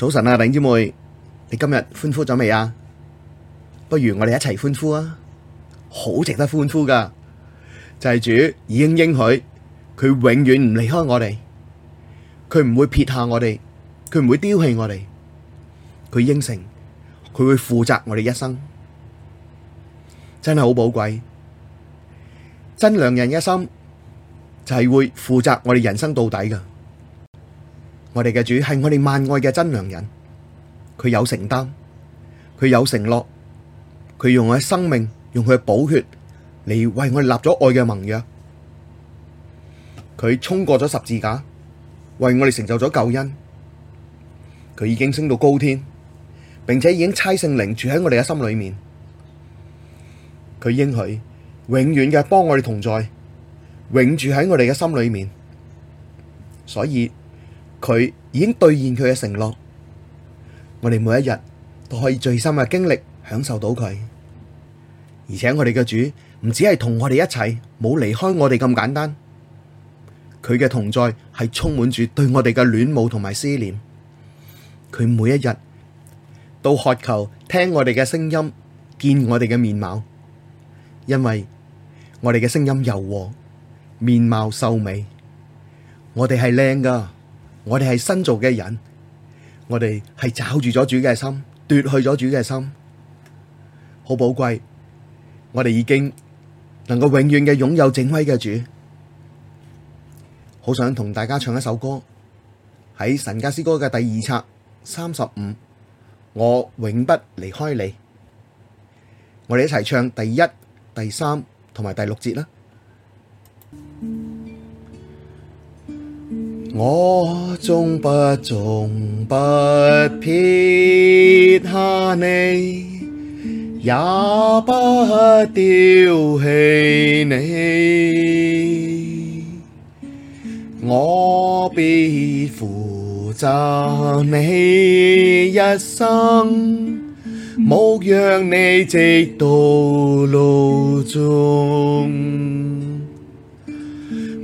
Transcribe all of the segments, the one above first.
早晨啊，弟兄姊妹，你今日歡呼咗未啊？不如我哋一齊歡呼啊！好值得歡呼噶，祭、就係、主已經應許，佢永遠唔離開我哋，佢唔會撇下我哋，佢唔會丟棄我哋，佢應承，佢會負責我哋一生，真係好寶貴，真良人一心就係會負責我哋人生到底噶。我哋嘅主係我哋萬愛嘅真良人，佢有承擔，佢有承諾，佢用我生命，用佢嘅寶血，嚟為我哋立咗愛嘅盟約。佢衝過咗十字架，為我哋成就咗救恩。佢已經升到高天，並且已經差聖靈住喺我哋嘅心裏面。佢應許永遠嘅幫我哋同在，永住喺我哋嘅心裏面。所以。佢已經兌現佢嘅承諾，我哋每一日都可以最深嘅經歷享受到佢，而且我哋嘅主唔止係同我哋一齊，冇離開我哋咁簡單。佢嘅同在係充滿住對我哋嘅戀慕同埋思念，佢每一日都渴求聽我哋嘅聲音，見我哋嘅面貌，因為我哋嘅聲音柔和，面貌秀美，我哋係靚㗎。我哋係新造嘅人，我哋係抓住咗主嘅心，奪去咗主嘅心，好寶貴。我哋已經能夠永遠嘅擁有正威嘅主，好想同大家唱一首歌，喺神家詩歌嘅第二冊三十五，35, 我永不離開你。我哋一齊唱第一、第三同埋第六節啦。我總不總不撇下你，也不丟棄你。我必負責你一生，牧養你直到路終。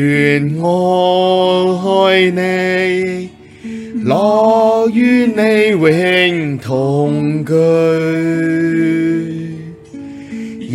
願愛你，樂與你永同居，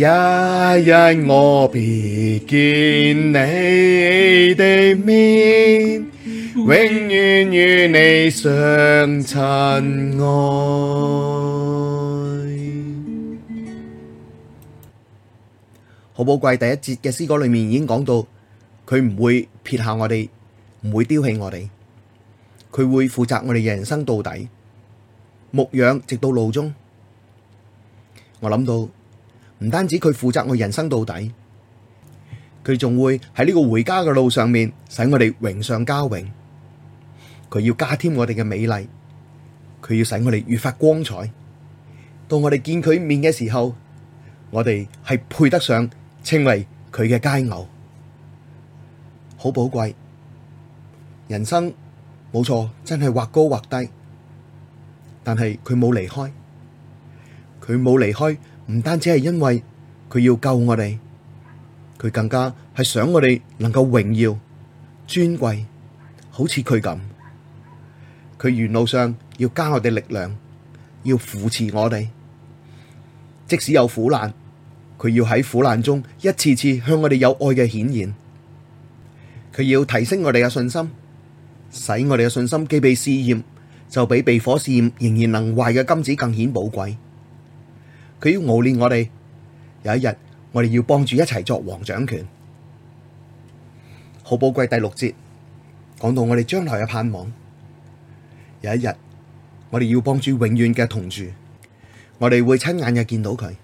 日日我必見你的面，永遠與你相親愛。好寶貴，第一節嘅詩歌裏面已經講到。佢唔會撇下我哋，唔會丟棄我哋。佢會負責我哋嘅人生到底，牧養直到路終。我諗到，唔單止佢負責我人生到底，佢仲會喺呢個回家嘅路上面，使我哋榮上加榮。佢要加添我哋嘅美麗，佢要使我哋越發光彩。到我哋見佢面嘅時候，我哋係配得上稱為佢嘅佳偶。好寶貴，人生冇錯，真係或高或低，但係佢冇離開，佢冇離開。唔單止係因為佢要救我哋，佢更加係想我哋能夠榮耀尊貴，好似佢咁。佢沿路上，要加我哋力量，要扶持我哋。即使有苦難，佢要喺苦難中一次次向我哋有愛嘅顯現。佢要提升我哋嘅信心，使我哋嘅信心既被試驗，就比被火試驗仍然能壞嘅金子更顯寶貴。佢要熬練我哋，有一日我哋要幫助一齊作王掌權。好寶貴！第六節講到我哋將來嘅盼望，有一日我哋要幫助永遠嘅同住，我哋會親眼嘅見到佢。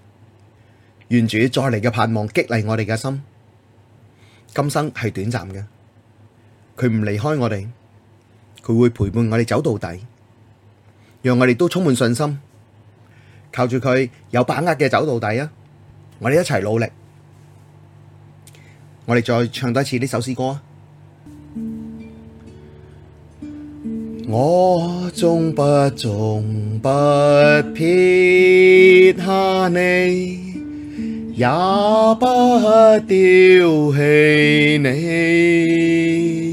願主再嚟嘅盼望激勵我哋嘅心。今生係短暫嘅。佢唔離開我哋，佢會陪伴我哋走到底，讓我哋都充滿信心，靠住佢有把握嘅走到底啊！我哋一齊努力，我哋再唱多次呢首詩歌啊！我總不總不撇下你，也不丟棄你。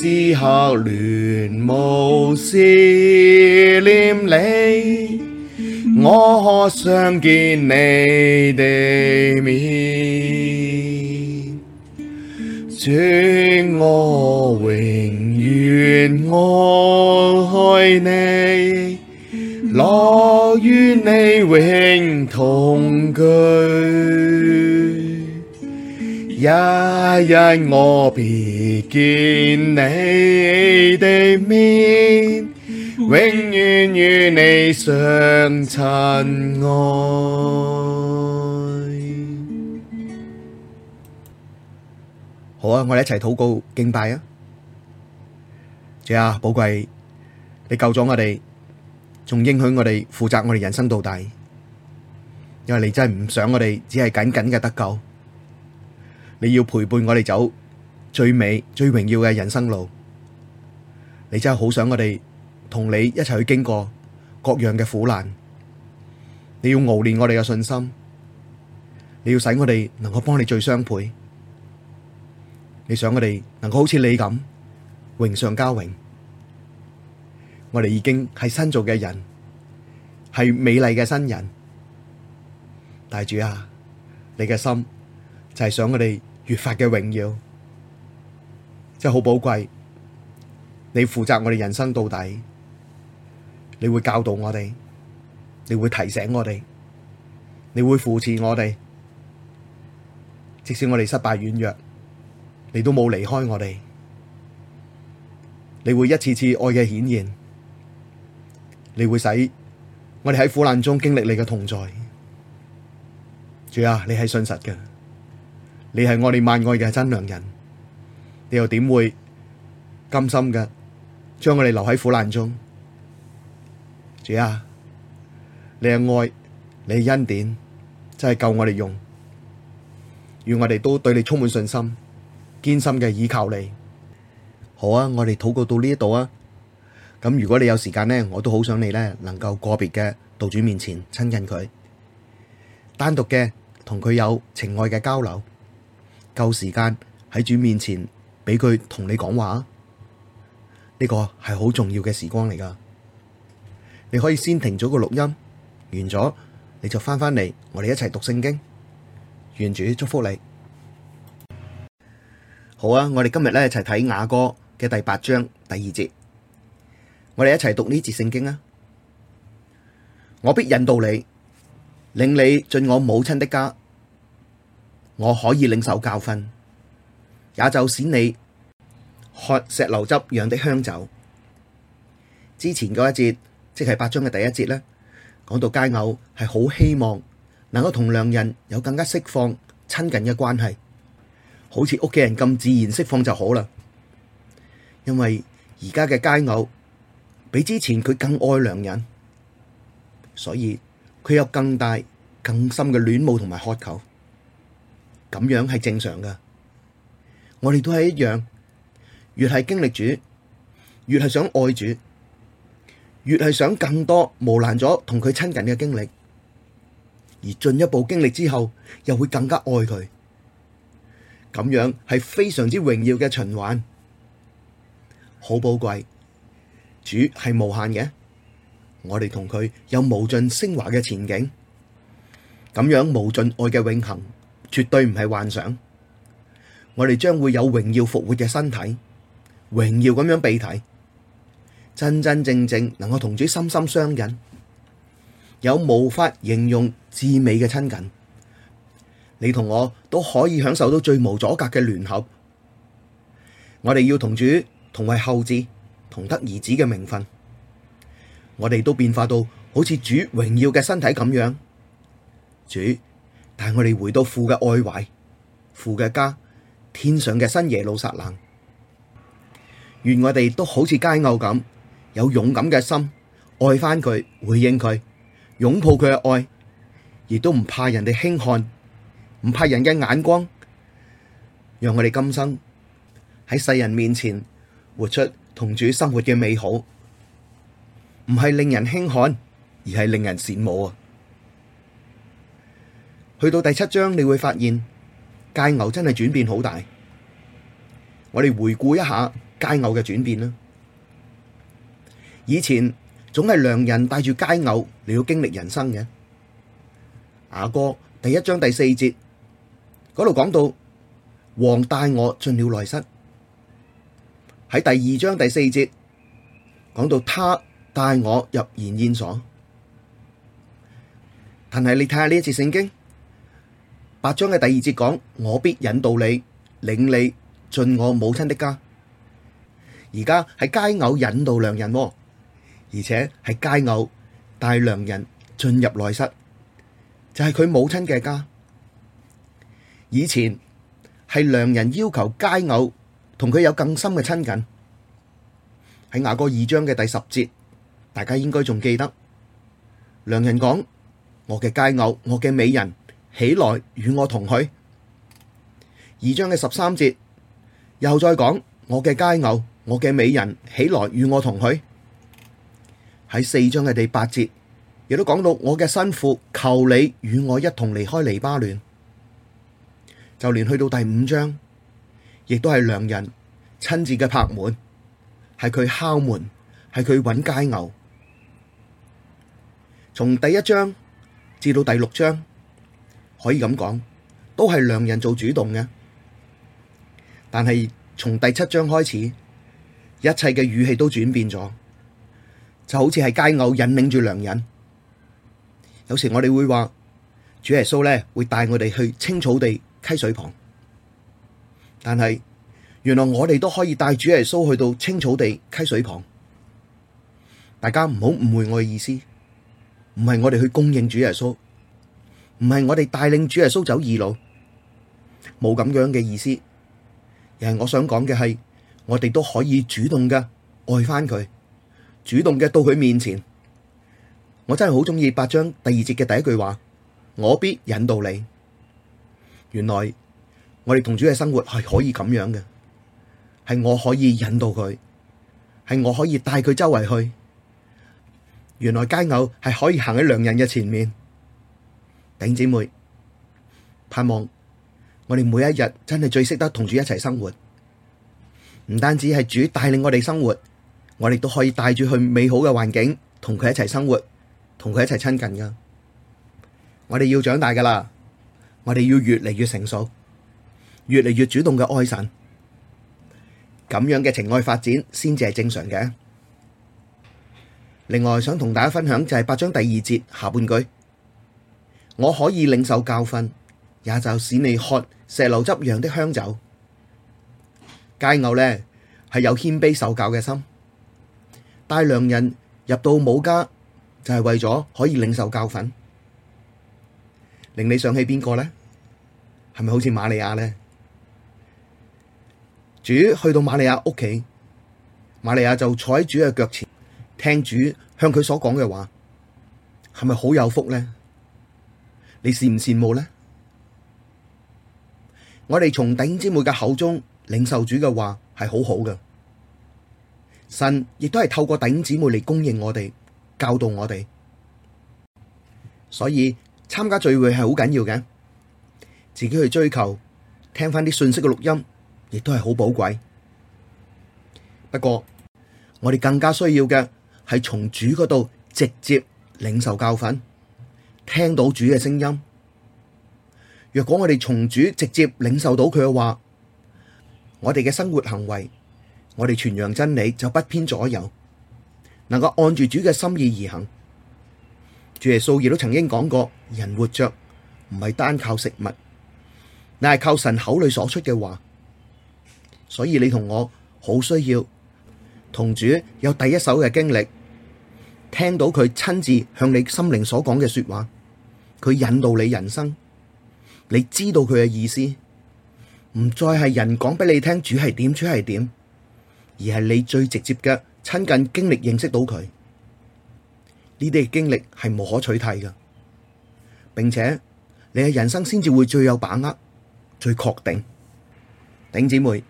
時刻戀慕思念你，我渴想見你的面，主我永遠愛你，樂與你永同居。一日，日我必見你的面，永遠與你相親愛。好啊，我哋一齊禱告敬拜啊！主啊，寶貴，你救咗我哋，仲應許我哋負責我哋人生到底，因為你真係唔想我哋只係僅僅嘅得救。你要陪伴我哋走最美最榮耀嘅人生路，你真係好想我哋同你一齊去經過各樣嘅苦難。你要熬練我哋嘅信心，你要使我哋能夠幫你最相配。你想我哋能夠好似你咁榮上加榮。我哋已經係新造嘅人，係美麗嘅新人。大主啊，你嘅心就係想我哋，越發嘅榮耀，真係好寶貴。你負責我哋人生到底，你會教導我哋，你會提醒我哋，你會扶持我哋。即使我哋失敗軟弱，你都冇離開我哋。你會一次次愛嘅顯現，你會使我哋喺苦難中經歷你嘅同在。主啊，你係信實嘅。你係我哋萬愛嘅真良人，你又點會甘心嘅將我哋留喺苦難中？主啊，你嘅愛，你嘅恩典真係夠我哋用，願我哋都對你充滿信心，堅心嘅依靠你。好啊，我哋禱告到呢一度啊。咁如果你有時間呢，我都好想你呢能夠個別嘅到主面前親近佢，單獨嘅同佢有情愛嘅交流。夠時間喺主面前俾佢同你講話，呢個係好重要嘅時光嚟噶。你可以先停咗個錄音，完咗你就翻返嚟，我哋一齊讀聖經。願主祝福你。好啊，我哋今日咧一齊睇雅歌嘅第八章第二節，我哋一齊讀呢節聖經啊。我必引導你，領你進我母親的家。我可以領受教訓，也就使你喝石榴汁釀的香酒。之前嗰一節，即係八章嘅第一節呢，講到佳偶係好希望能夠同良人有更加釋放親近嘅關係，好似屋企人咁自然釋放就好啦。因為而家嘅佳偶比之前佢更愛良人，所以佢有更大更深嘅戀慕同埋渴求。咁樣係正常㗎，我哋都係一樣，越係經歷主，越係想愛主，越係想更多無難咗同佢親近嘅經歷，而進一步經歷之後，又會更加愛佢。咁樣係非常之榮耀嘅循環，好寶貴。主係無限嘅，我哋同佢有無盡昇華嘅前景，咁樣無盡愛嘅永恆。絕對唔係幻想，我哋將會有榮耀復活嘅身體，榮耀咁樣被體，真真正正能夠同主心心相印，有無法形容至美嘅親近。你同我都可以享受到最無阻隔嘅聯合。我哋要同主同為後嗣，同得兒子嘅名分。我哋都變化到好似主榮耀嘅身體咁樣，主。但係我哋回到父嘅愛懷，父嘅家，天上嘅新耶路撒冷，願我哋都好似佳偶咁，有勇敢嘅心，愛翻佢，回應佢，擁抱佢嘅愛，亦都唔怕人哋輕看，唔怕人嘅眼光，讓我哋今生喺世人面前活出同主生活嘅美好，唔係令人輕看，而係令人羨慕啊！去到第七章，你會發現佳偶真係轉變好大。我哋回顧一下佳偶嘅轉變啦。以前總係良人帶住佳偶嚟到經歷人生嘅。雅歌第一章第四節嗰度講到王帶我進了內室，喺第二章第四節講到他帶我入筵宴所，但係你睇下呢節聖經。八章嘅第二節講，我必引導你，領你進我母親的家。而家係佳偶引導良人，而且係佳偶帶良人進入內室，就係佢母親嘅家。以前係良人要求佳偶同佢有更深嘅親近，喺雅歌二章嘅第十節，大家應該仲記得，良人講，我嘅佳偶，我嘅美人，起來與我同去。二章嘅十三節又再講，我嘅佳偶，我嘅美人，起來與我同去。喺四章嘅第八節，亦都講到我嘅新婦，求你與我一同離開黎巴嫩。就連去到第五章，亦都係良人親自嘅拍門，係佢敲門，係佢揾佳偶。從第一章至到第六章，可以咁講，都係良人做主動嘅。但係從第七章開始，一切嘅語氣都轉變咗，就好似係佳偶引領住良人。有時我哋會話主耶穌咧，會帶我哋去青草地溪水旁，但係原來我哋都可以帶主耶穌去到青草地溪水旁。大家唔好誤會我嘅意思，唔係我哋去供應主耶穌。唔係我哋帶領主耶穌走二路，冇咁樣嘅意思。而係我想講嘅係，我哋都可以主動嘅愛返佢，主動嘅到佢面前。我真係好中意八章第二節嘅第一句話：我必引導你。原來我哋同主嘅生活係可以咁樣嘅，係我可以引導佢，係我可以帶佢周圍去。原來佳偶係可以行喺良人嘅前面。弟兄姊妹，盼望我哋每一日真係最識得同主一齊生活，唔單止係主帶領我哋生活，我哋都可以帶住去美好嘅環境同佢一齊生活，同佢一齊親近噶。我哋要長大噶啦，我哋要越嚟越成熟，越嚟越主動嘅愛神，咁樣嘅情愛發展先至係正常嘅。另外，想同大家分享就係八章第二節下半句。我可以領受教訓，也就使你喝石榴汁釀的香酒。佳偶呢，係有謙卑受教嘅心，帶良人入到母家就係、是、為咗可以領受教訓，令你想起邊個呢？係咪好似瑪利亞呢？主去到瑪利亞屋企，瑪利亞就坐喺主嘅腳前聽主向佢所講嘅話，係咪好有福呢？你羨唔羨慕呢？我哋從弟兄姊妹嘅口中領受主嘅話係好好嘅，神亦都係透過弟兄姊妹嚟供應我哋、教導我哋，所以參加聚會係好緊要嘅。自己去追求聽翻啲信息嘅錄音，亦都係好寶貴。不過我哋更加需要嘅係從主嗰度直接領受教訓。聽到主嘅聲音，若果我哋從主直接領受到佢嘅話，我哋嘅生活行為，我哋傳揚真理就不偏左右，能夠按住主嘅心意而行。主耶穌亦都曾經講過：人活着唔係單靠食物，你係靠神口裏所出嘅話。所以你同我好需要同主有第一手嘅經歷，聽到佢親自向你心靈所講嘅說話。佢引導你人生，你知道佢嘅意思，唔再係人講俾你聽主係點，主係點，而係你最直接嘅親近經歷認識到佢，呢啲經歷係無可取替嘅，並且你嘅人生先至會最有把握、最確定。頂姐妹，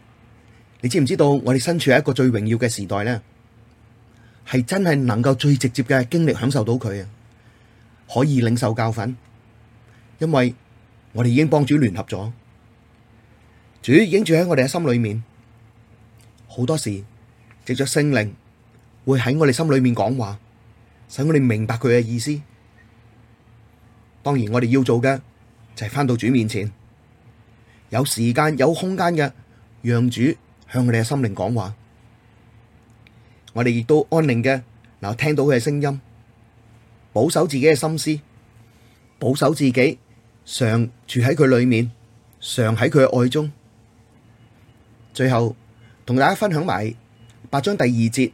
你知唔知道我哋身處喺一個最榮耀嘅時代咧？係真係能夠最直接嘅經歷享受到佢啊！可以領受教訓，因為我哋已經幫主聯合咗，主已經住喺我哋嘅心裏面，好多時藉着聖靈會喺我哋心裏面講話，使我哋明白佢嘅意思。當然，我哋要做嘅就係返到主面前，有時間有空間嘅，讓主向我哋嘅心靈講話，我哋亦都安寧嘅嗱，然後聽到佢嘅聲音。保守自己嘅心思，保守自己，常住喺佢裏面，常喺佢嘅愛中。最後同大家分享埋八章第二節，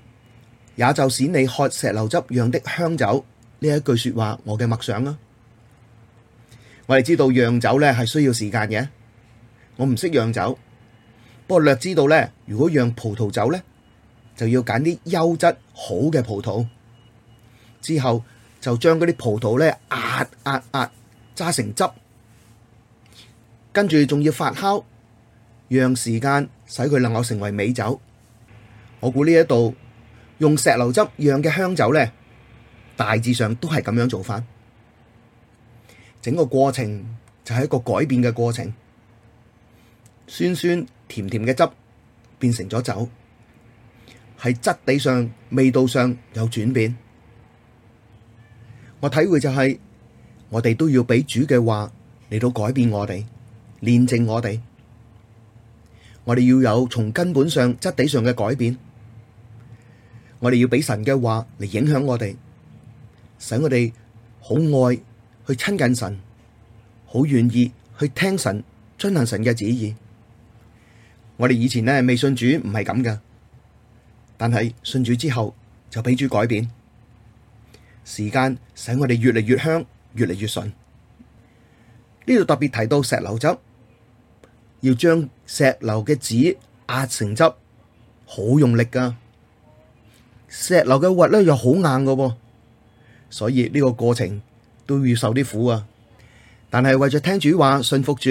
也就使你喝石榴汁釀的香酒呢一句說話，我嘅默想啊。我哋知道釀酒咧係需要時間嘅，我唔識釀酒，不過略知道咧，如果釀葡萄酒咧，就要揀啲優質好嘅葡萄，之後。就將嗰啲葡萄咧壓壓壓壓榨成汁，跟住仲要發酵，讓時間使佢能夠成為美酒。我估呢一度用石榴汁釀嘅香酒呢，大致上都係咁樣做法。整個過程就係一個改變嘅過程，酸酸甜甜嘅汁變成咗酒，係質地上、味道上有轉變。我體會就係，我哋都要俾主嘅話嚟到改變我哋，煉淨我哋。我哋要有從根本上、質地上嘅改變。我哋要俾神嘅話嚟影響我哋，使我哋好愛去親近神，好願意去聽神、遵行神嘅旨意。我哋以前呢未信主唔係咁㗎，但係信主之後就俾主改變。時間使我哋越嚟越香，越嚟越順。呢度特別提到石榴汁，要將石榴嘅籽壓成汁，好用力噶。石榴嘅核咧又好硬噶，所以呢個過程都要受啲苦啊。但係為咗聽主話、信服主、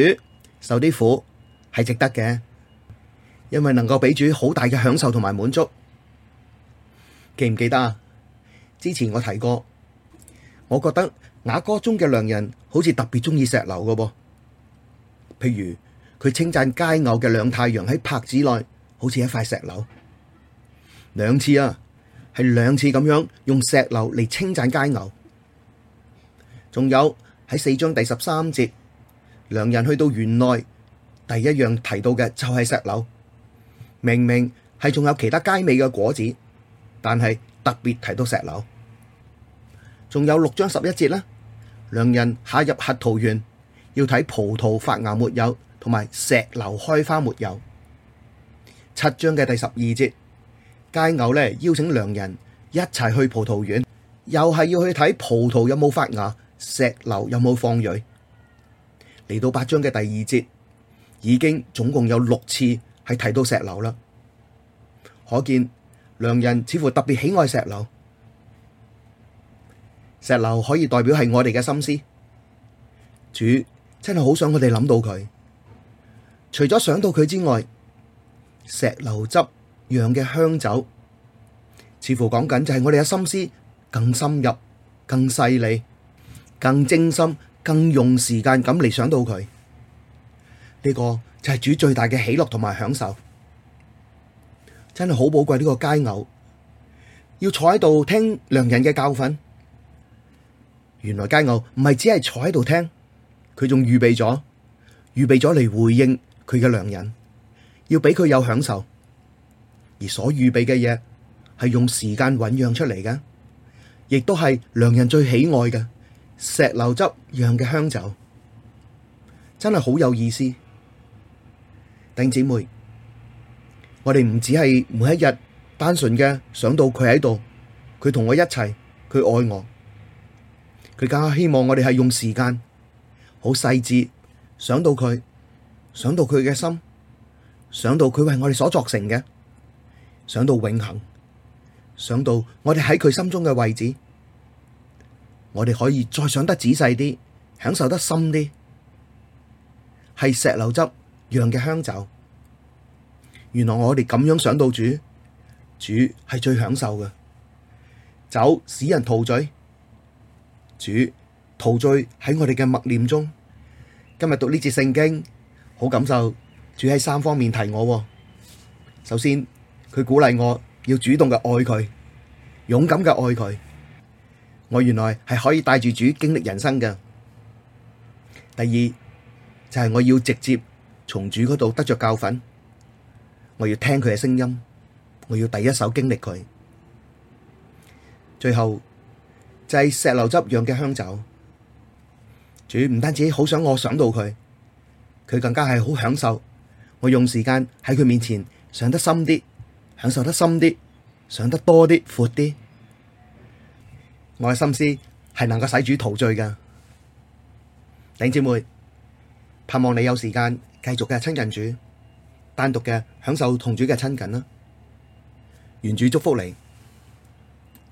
受啲苦，係值得嘅，因為能夠俾主好大嘅享受同埋滿足。記唔記得啊？之前我提過，我覺得雅歌中嘅良人好似特別中意石榴噶噃。譬如佢稱讚佳偶嘅兩太陽喺柏子內，好似一塊石榴。兩次啊，係兩次咁樣用石榴嚟稱讚佳偶。仲有喺四章第十三節，良人去到園內，第一樣提到嘅就係石榴。明明係仲有其他佳美嘅果子，但係特別提到石榴。仲有六章十一節啦，良人下入核桃園，要睇葡萄發芽沒有，同埋石榴開花沒有。七章嘅第十二節，佳偶呢邀請良人一齊去葡萄園，又係要去睇葡萄有冇發芽，石榴有冇放蕊。嚟到八章嘅第二節，已經總共有六次係提到石榴啦，可見良人似乎特別喜愛石榴。石榴可以代表係我哋嘅心思，主真係好想我哋諗到佢。除咗想到佢之外，石榴汁釀嘅香酒，似乎講緊就係我哋嘅心思更深入、更細膩、更精心、更用時間咁嚟想到佢。呢個就係主最大嘅喜樂同埋享受，真係好寶貴。呢個佳偶，要坐喺度聽良人嘅教訓。原來佳偶唔係只係坐喺度聽，佢仲預備咗，預備咗嚟回應佢嘅良人，要俾佢有享受，而所預備嘅嘢係用時間醞釀出嚟嘅，亦都係良人最喜愛嘅石榴汁釀嘅香酒，真係好有意思。弟兄姊妹，我哋唔只係每一日單純嘅想到佢喺度，佢同我一齊，佢愛我。佢更加希望我哋係用時間，好細緻想到佢，想到佢嘅心，想到佢為我哋所作成嘅，想到永恆，想到我哋喺佢心中嘅位置，我哋可以再想得仔細啲，享受得深啲，係石榴汁釀嘅香酒。原來我哋咁樣想到主，主係最享受嘅，酒使人陶醉。主，陶醉喺我哋嘅默念中。今日讀呢節聖經好感受，主喺三方面提我。首先，佢鼓勵我要主動嘅愛佢，勇敢嘅愛佢。我原來係可以帶住主經歷人生嘅。第二就係我要直接從主嗰度得着教訓，我要聽佢嘅聲音，我要第一手經歷佢。最後。就石榴汁樣嘅香酒，主唔單止好想我想到佢，佢更加係好享受我用時間喺佢面前想得深啲，享受得深啲，想得多啲闊啲，我嘅心思係能夠使主陶醉嘅。弟兄姊妹，盼望你有時間繼續嘅親近主，單獨嘅享受同主嘅親近啦。願主祝福你。